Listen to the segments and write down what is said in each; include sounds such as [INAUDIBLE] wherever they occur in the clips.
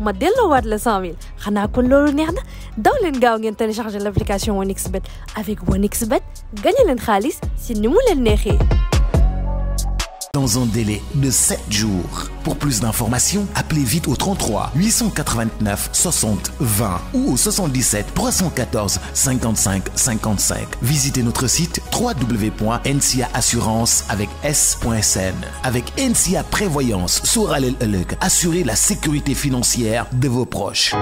وما ديرلو هاد لساميل خلينا نكون لو نعنا داولن غاو نتا نشارج لابليكاسيون بيت افيك بيت ونكسبت قليلا خالص نمول النخي dans un délai de 7 jours. Pour plus d'informations, appelez vite au 33 889 60 20 ou au 77 314 55 55. Visitez notre site www.ncaassurance avec s.sn. Avec NCA Prévoyance, assurez la sécurité financière de vos proches.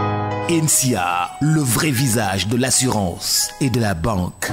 NCA, le vrai visage de l'assurance et de la banque.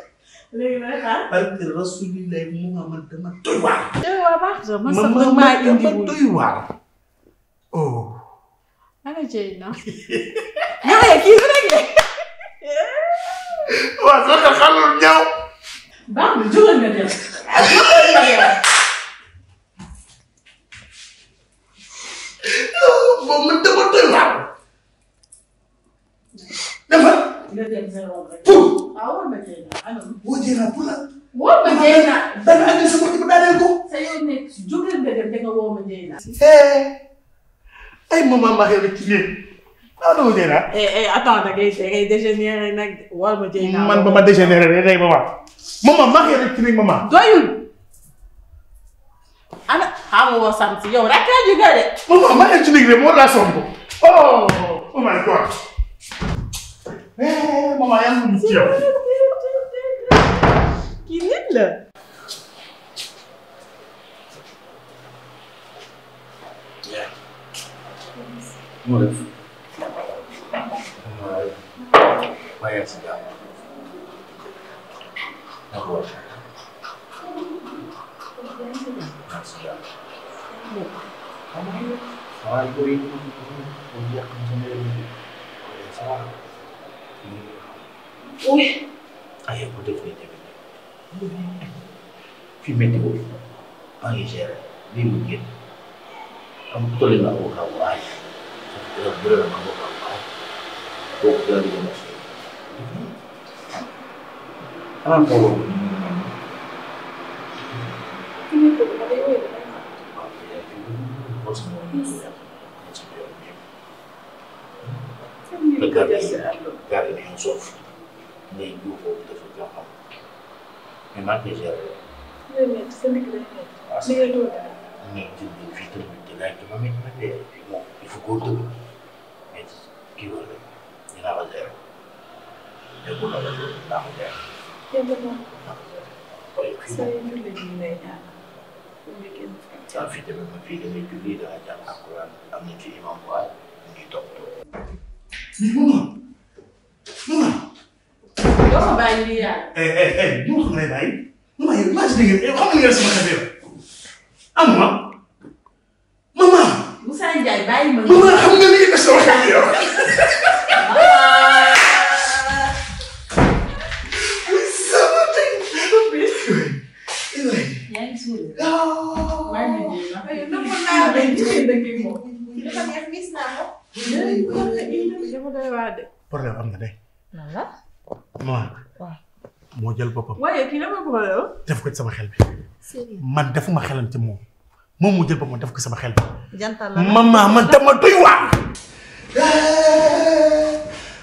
léegi nag ah. parce que rasulilah Muhammad dama doy waar. doy waar ma sax ma indi ma doy oh. ana jëy na. ñaare [LAUGHS] kii bi rek de. [LAUGHS] waaw soo ko xalul ñaw. baax na nga dem. jógal nga dem. [LAUGHS] Oh, moom man woo pula woo ma Dieyna danga andi sama kii ba daaneel ko. sa yoon ne jóge nga dem danga woo ma Dieyna. ay maman ma xew ci yéen ah dama Dieyna. eh eh attends da ngay da ngay dégénéré nag woo ma Dieyna. man ba ma dégénéré rek day maman maman ma xew ci maman. doyul. ana xaaral woo sant yow rek laa jógee de. maman ma xew ci léegi de moo laa somb. oh oh my God. Mama baba yazın bitiyor. Gelirle. Move. Mayası Ne bu? Nasıl da? Ama hayır. Hayır, bu iyi. Bu iyi. Bu iyi. Bu iyi. Bu iyi. Bu iyi. Oui. Aïe, vous devenez devenu. Puis mettez-vous en Niger, les Comme tout le monde au Hawaï. Comme tout le monde au Hawaï. Pour que les gens se Ah, pour vous. Regardez, regardez, on souffre. day juufoo dafa jox xam mais maa ngi géré mais jëndee fii tamit di laaj dama mel ni fii moom il faut koo dëgg mais kii wala dinaa ko géré mais bu loolu loolu dinaa ko géré. waaw fii tamit man fii damay julli dama jàng alquran am na ci waaye mu ngi topp sama bàyyi lii yàlla. bi ma xam ne bàyyi ma yow maa ci dégg xam nga sama xarit yow am ma maman. Moussa Ndiaye bàyyi ma. maman xam nga ni sama xarit yow. problème am na de. mama, mama, jël mama, mama, mama, mama, bëgg mama, def ko ci sama xel bi. man defuma mama, mama, mama, mama, mama, jël mama, def ko sama xel bi. jantal Mama, mama man dama mama, mama,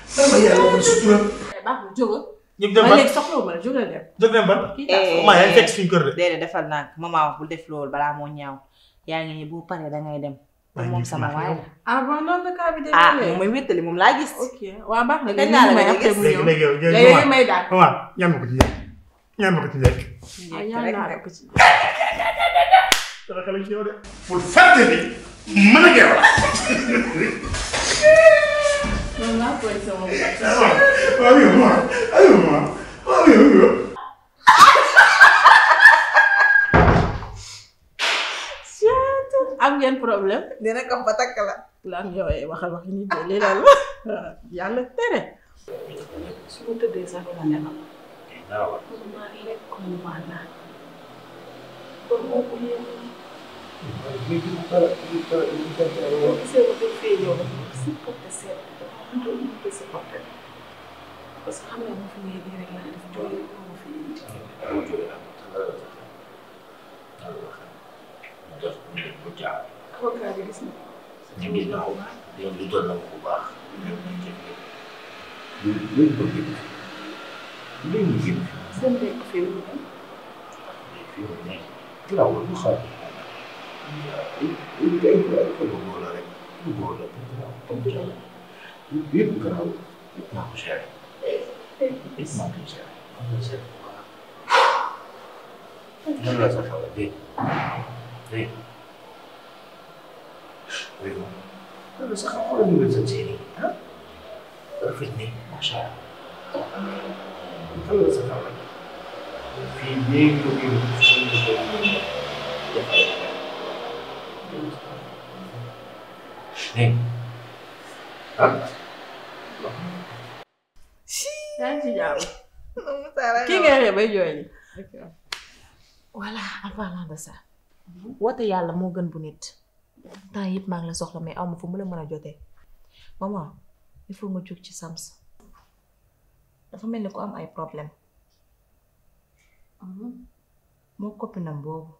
sama mama, mama, sutura. mama, mama, mama, mama, dem ba mama, mama, mama, ma mama, mama, dem. Mama, dem ba. ma eh, mama, mama, mama, suñu kër de. mama, defal mama, mama wax bu def mama, mama, mama, ñaaw mama, mama, mama, bu mama, da ngay dem. moom sama waay la. ah bon noonu la bi ah moom mooy wéttali moom laa gis. ok waaw baax na léegi ñu may ak tegu ñëw léegi may daal. waaw ñaan ma ko ci lekk ñaan man ah, maa koy sama. am ngeen problème. dina ko ba takk la. lan yow eh, wax ni de lii la [LAUGHS] yàlla tere. ko yéeme. boo gisee def ñu def ko jaar. avocat bi gis nañu. ñu ngi taxaw ñoom ñu doon na ko bu baax. ñoom ñu jëm ñëpp. ñu luñ ko gën a. luñ ñu gën a. seen nekk fii mu ne. fii mu ne. giraawul mu xaar. ñu ay giraawul ko góor la rek. lu góor la bu garaaw comme giraawul. yëpp garaawul. yëpp naa ko géré. yëpp naa ko géré. am na géré bu baax. ñoom la sa xaw a dégg. Prego. Prego. Lalu sekarang orang juga bisa sini. Perfect nih, Masya Allah. Kan kalau sekarang Feeding to you. Iya, nih. Hah? Nanti jauh. Ki nggak ada ini. Wala, apa lah dasar? woote yàlla moo gën bu nit temps yëpp maa ngi la soxla mais aw ma fu mu la mën a jotee maman il faut nga jóg ci sams dafa mel ni ku am ay problème mhm. moo copinam boobu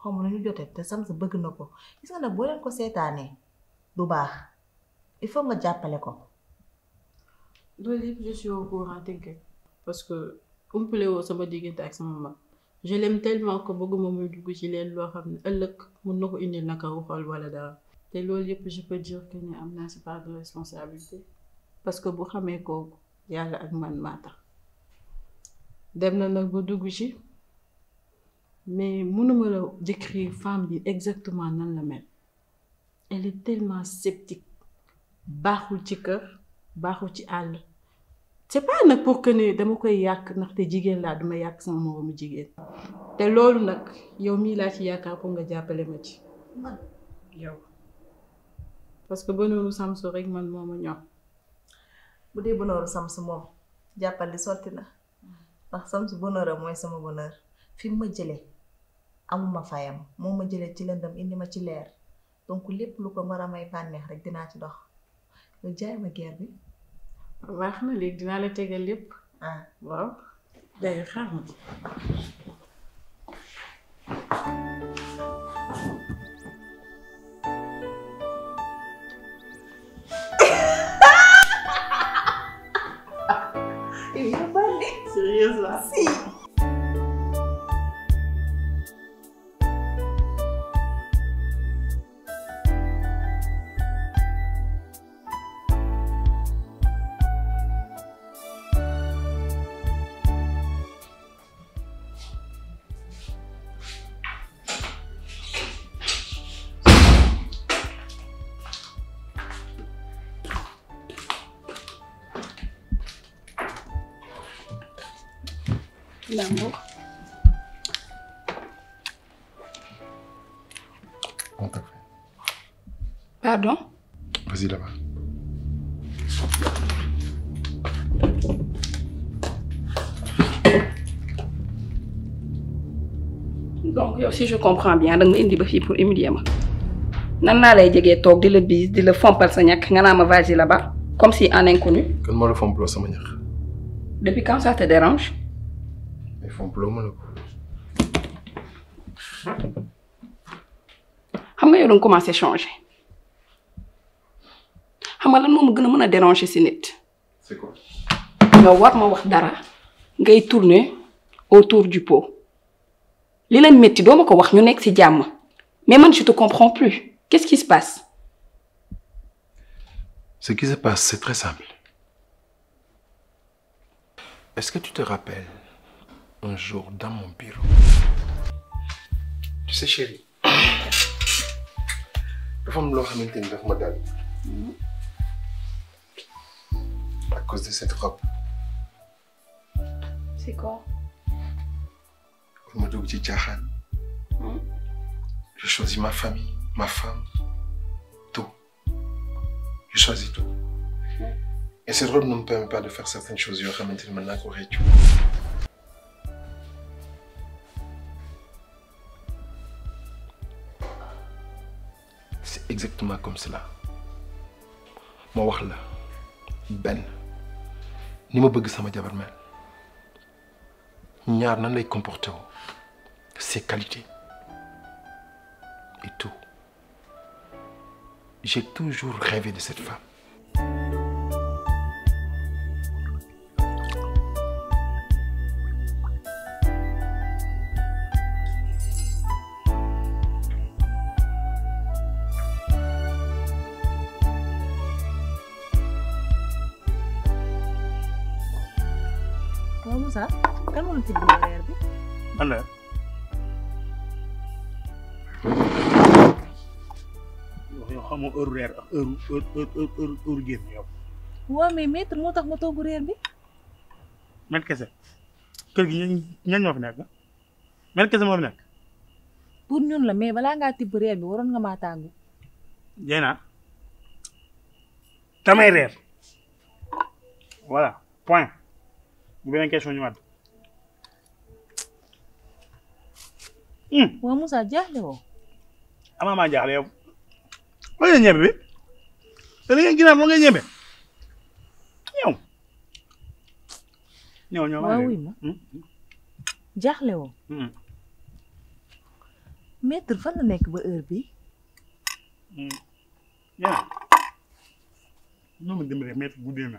xaw ma ñu jotee te sams bëgg na ko gis nga nag boo leen ko seetaanee du baax il faut ma jàppale ko loolu yëpp parce que umpale woo sama diggante ak sama mag je l'aime tellement que beaucoup de dugg ci leen loo xam ne ëllëg mun na ko indil na wala da té lool yëpp je peux dire que ne amna naa si part de responsabilité parce que bu xamé ko yalla ak man ma tax dem na nag bu dugg ci mais mënuma la décrire femme bi exactement nan la mel elle est tellement sceptique baxul ci kër baxul ci àll c'est nag pour que nii dama koy yàq ndaxte jigéen laa duma yàq sama moroomu jigéen te loolu nag yow mii laa ci yaakaar pour nga jàppale ma ci man yow parce que bonooru Samsu rek man moom a ñor bu dee bonooru Samsu moom jàppal li sotti na ndax Samsu bonheur mooy sama bonheur fi ma jëlee amuma fayam moo ma jëlee ci lëndam indi ma ci leer donc lépp lu ko war a may bànneex rek dinaa ci dox yow jaay ma guerre bi baax na léegi dinaa la tegal lépp. ah waaw sérieusement si. L'amour. Pardon Vas-y là-bas. donc si je comprends bien je vais vous pour humilier le nan laa lay jegee toog des bis, là-bas comme si un inconnu. le depuis quand ça te dérange font plomb la xam nga yow danga commencé changer xam nga lan moom gën a déranger si nit. c'est quoi. nga war ma wax dara ngay tourner autour du pot li la metti do ma ko wax ñu nekk ci jamm. mais man je te comprends plus qu'est-ce qui se passe. ce qui se passe c'est très simple. est-ce que tu te rappelles un jour dans mon bureau. Tu sais, chérie, je vais me à cause de cette robe. c'est quoi? Hmm? je choisis ma famille ma femme tout je choisis tout. Hmm? et cette robe ne me permet pas de faire certaines choses Je vais maintenant. exactement comme cela je wax la ni ma je sama jabar ñaar ses qualités et tout j'ai toujours rêvé de cette femme sa kan ti bener bi ana yow xamoo heure reer ak heure heure heure heure génn yow waa mais maître moo tax ma togg reer bi mel kese mel kese moo fi nekk pour ñun la mais balaa ngaa Orang reer bi waroon nga maa voilà point bu beneen question ñu waat. waaw Moussa jaaxle woo. amaa mm. maa jaaxle yow. wala ngeen ñebe jaaxle woo. Mm. Mm. maître fan nekk ba heure bi ñëw. ñoo ma dimbali guddee na.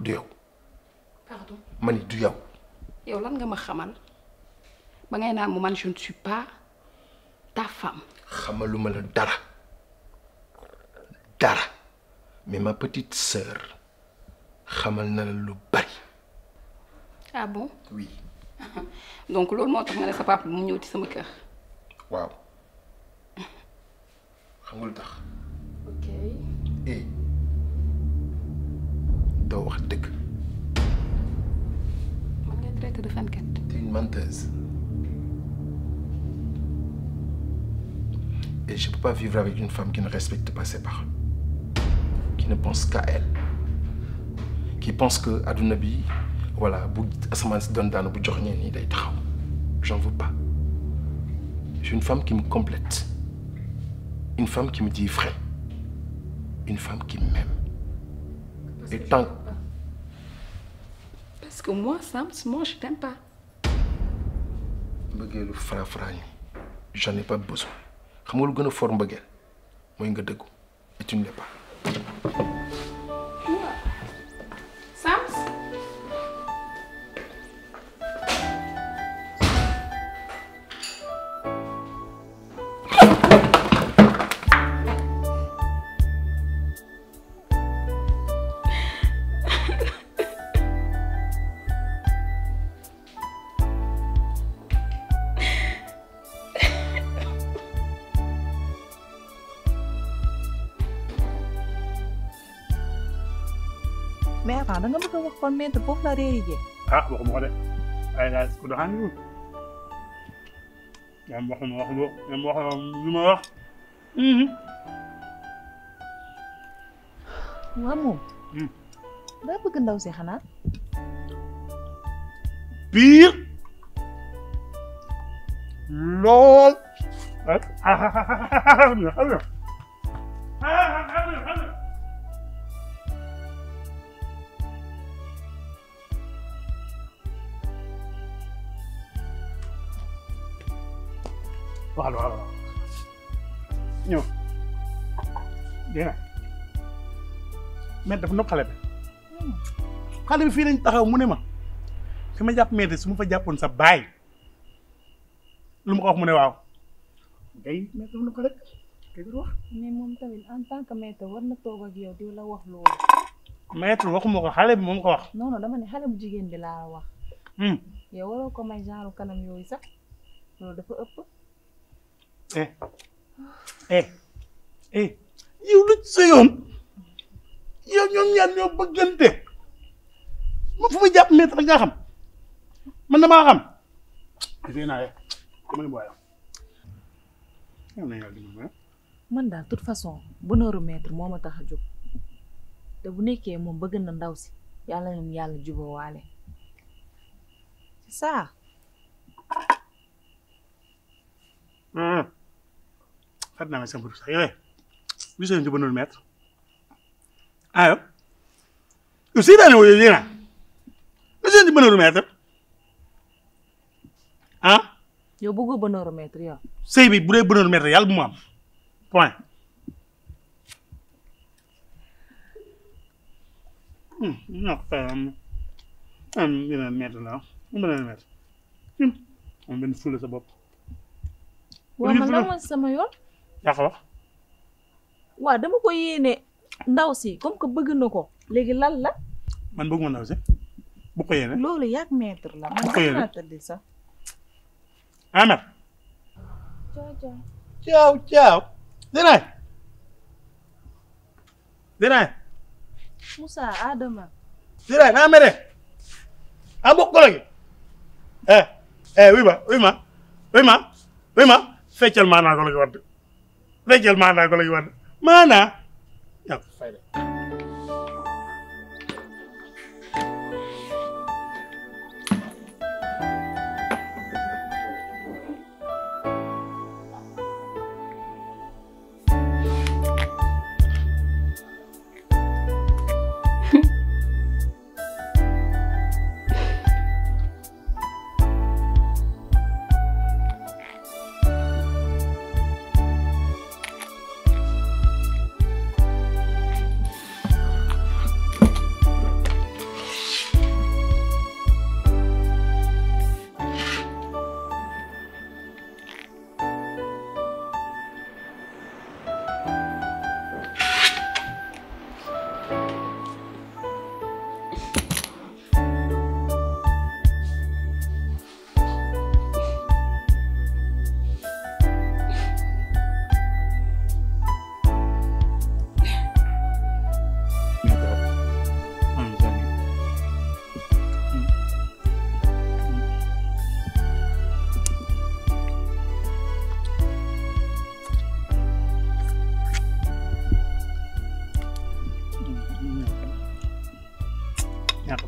du yow pardon mani du yow yow lan nga ma xamal ba ngay naan mu man je ne suis pas ta femme xamaluma la dara dara mais ma petite sœur xamal na la lu bari ah bon oui [LAUGHS] donc loolu moo tax nga sa papa mu ñëw ci sama kër waaw xam nga lu tax ok eh Tu une menteuse. Et je ne peux pas vivre avec une femme qui ne respecte pas ses parents. qui ne pense qu'à elle, qui pense que Adunabi, voilà, se donne dans J'en veux pas. J'ai une femme qui me complète, une femme qui me dit vrai, une femme qui m'aime et temps. Parce que moi, Sam, moi, je t'aime pas. mbëggeelu franc frais, frais. j'en ai pas besoin xam nga lu gën a fort mbëggeel mooy nga et tu ne l'es pas. kon maître foofu la réer yi jeex. ah waxuma ko de ay laaj ku doxaan yi moom waxuma waxuma waxuma waxuma lu ma wax. waaw moom. daa bëgg ndaw si xanaa. biir lool. ah ah ah ah allo allo ñëw dégg nga xale bi xale bi fii lañ taxaw mu ne ma fi ma jàpp metti su ma fa jàppoon sa baay lu ma ko wax mu ne waaw day mais daf nopp que maître war na toog la wax loolu maître waxuma ko xale bi moom ko wax non non ne xale bu jigéen bi laa wax yow waroo ko may genre kanam yooyu sax loolu dafa ëpp Eh. Eh. Eh. yow lu sa yoon yow ñoom ma fu ma jàpp maître rek ngaa xam man damaa xam dafay naa ye ma ne booyam yow na yàlla dimbali toute façon bonheuru maître moo ma tax te bu bëgg na ndaw si waale c'est fat naa may sama bët sax yooyu wisee ñu bënoon maître ayo aussi daane woyu yéena wisee ñu bënoon maître ah yow bëggoo bënoon maître yow sëy bi bu dee bënoon maître yàlla bu mu am point non am am beneen maître la am beneen maître am benn fula sa bopp waaw man la sama yoon yaa ko wax. dama ko yéene ndaw si comme bëgg na ko léegi lan la. man bëgguma ndaw si bu ko loolu yàgg maître la man dinaa tëdd sax. Amar. caaw caaw. caaw Adama. Dinaay naa mere. ah bokkul ak eh eh oui ma oui feccal maa naa day jël maanaa ko la ñu war maanaa ñàkk fayda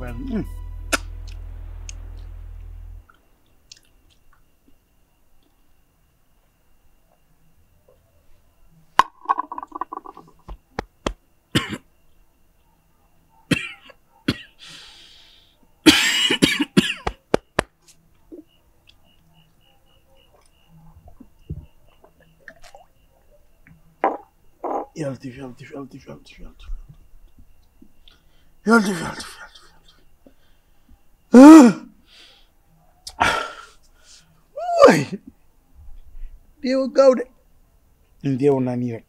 werden. Hm. Relative, relative, relative, relative, relative. Relative, Diego El Diego Nanira.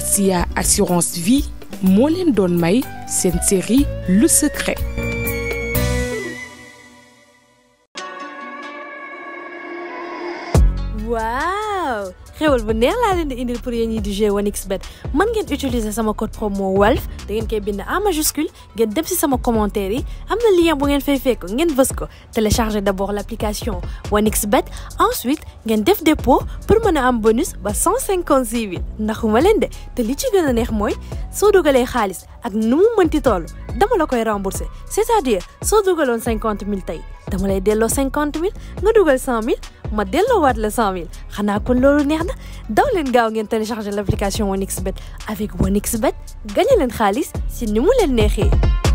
Sia Assurance Vie molin Donmai doon may série Le Secret xéwal bu neex laa leen di indil pour yéen ñi di jouer 1xbet mën ngeen utiliser sama code promo WALF da ngeen koy bind en majuscule ngeen dem si sama commentaire yi am na lien bu ngeen fay fekk ngeen bës ko télécharger d' abord l' application 1xbet ensuite ngeen def dépôt pour mën a am bonus ba 156 000 ndaxuma leen de te li ci gën a neex mooy soo dugalee xaalis ak nu mu mënti toll dama la koy rembourser c' est à dire soo dugaloon 50 000 tey dama lay delloo 50 000 nga dugal 100 000 وما دير له هاد لساميل خلينا كلو نعنا داولن نقاو انت نشارج لابليكاسيون ونكسبت افيك ونكسبت غاني لنخالص سي نمول الناخي